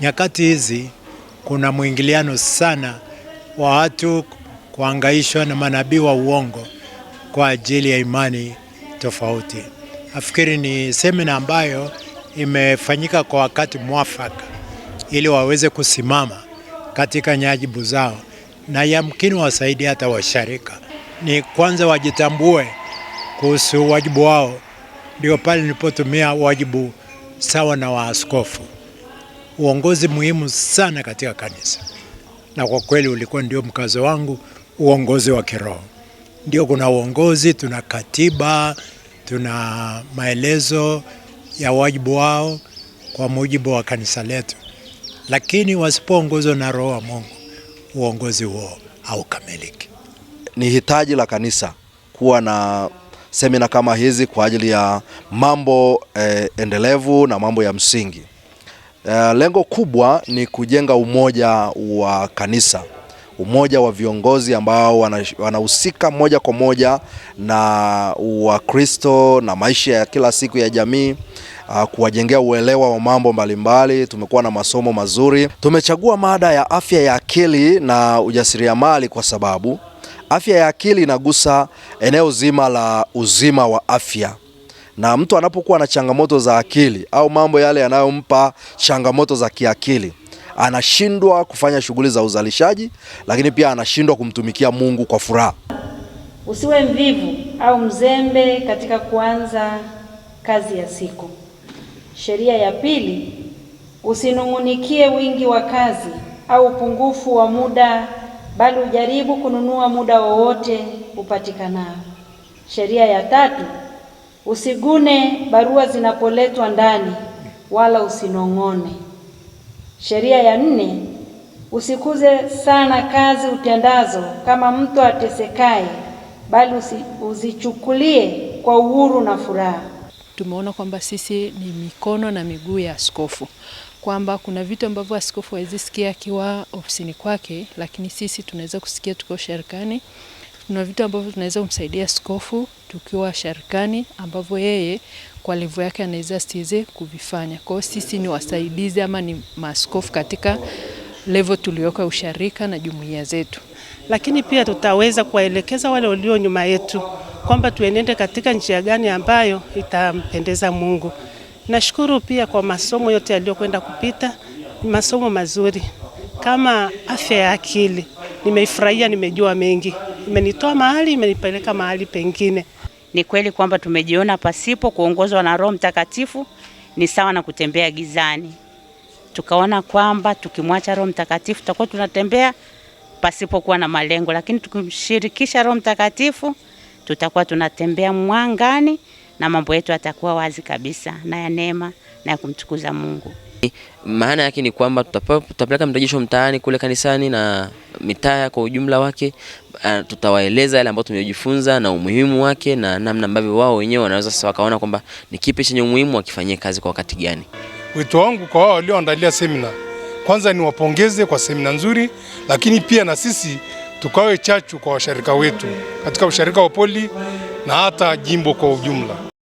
Nyakati hizi kuna mwingiliano sana wa watu kuangaishwa na manabii wa uongo kwa ajili ya imani tofauti. Nafikiri ni semina ambayo imefanyika kwa wakati mwafaka, ili waweze kusimama katika nyajibu zao, na yamkini wasaidie hata washarika. Ni kwanza wajitambue kuhusu wajibu wao, ndio pale nilipotumia wajibu sawa na waaskofu uongozi muhimu sana katika kanisa, na kwa kweli ulikuwa ndio mkazo wangu, uongozi wa kiroho. Ndio kuna uongozi, tuna katiba, tuna maelezo ya wajibu wao kwa mujibu wa kanisa letu, lakini wasipoongozwa na Roho wa Mungu, uongozi huo haukamiliki. Ni hitaji la kanisa kuwa na semina kama hizi kwa ajili ya mambo eh, endelevu na mambo ya msingi. Uh, lengo kubwa ni kujenga umoja wa kanisa, umoja wa viongozi ambao wanahusika moja kwa moja na Wakristo na maisha ya kila siku ya jamii, uh, kuwajengea uelewa wa mambo mbalimbali. Tumekuwa na masomo mazuri. Tumechagua mada ya afya ya akili na ujasiriamali kwa sababu afya ya akili inagusa eneo zima la uzima wa afya na mtu anapokuwa na changamoto za akili au mambo yale yanayompa changamoto za kiakili anashindwa kufanya shughuli za uzalishaji, lakini pia anashindwa kumtumikia Mungu kwa furaha. Usiwe mvivu au mzembe katika kuanza kazi ya siku. Sheria ya pili, usinung'unikie wingi wa kazi au upungufu wa muda, bali ujaribu kununua muda wowote upatikanao. Sheria ya tatu Usigune barua zinapoletwa ndani, wala usinong'one. Sheria ya nne, usikuze sana kazi utendazo kama mtu atesekaye, bali uzichukulie kwa uhuru na furaha. Tumeona kwamba sisi ni mikono na miguu ya askofu, kwamba kuna vitu ambavyo askofu hawezi sikia akiwa ofisini kwake, lakini sisi tunaweza kusikia tuko sherikani kuna vitu ambavyo tunaweza kumsaidia skofu tukiwa sharikani, ambavyo yeye kwa levu yake anaweza siweze kuvifanya. Kwa hiyo sisi ni wasaidizi ama ni maskofu katika levo tulioko usharika na jumuiya zetu, lakini pia tutaweza kuwaelekeza wale walio nyuma yetu kwamba tuenende katika njia gani ambayo itampendeza Mungu. Nashukuru pia kwa masomo yote yaliyokwenda kupita, masomo mazuri kama afya ya akili nimeifurahia, nimejua mengi, imenitoa mahali, imenipeleka mahali pengine. Ni kweli kwamba tumejiona pasipo kuongozwa na Roho Mtakatifu ni sawa na kutembea gizani. Tukaona kwamba tukimwacha Roho Mtakatifu tutakuwa tunatembea pasipokuwa na malengo, lakini tukimshirikisha Roho Mtakatifu tutakuwa tunatembea mwangani na mambo yetu yatakuwa wazi kabisa na ya neema na ya kumtukuza Mungu. Maana yake ni kwamba tutapeleka mrejesho mtaani kule kanisani na mitaa kwa ujumla wake. Uh, tutawaeleza yale ambayo tumejifunza na umuhimu wake na namna ambavyo wao wenyewe wanaweza sasa wakaona kwamba ni kipi chenye umuhimu wakifanyie kazi kwa wakati gani. Wito wangu kwa wao walioandalia semina, kwanza ni wapongeze kwa semina nzuri, lakini pia na sisi tukawe chachu kwa washirika wetu katika ushirika wa Poli na hata jimbo kwa ujumla.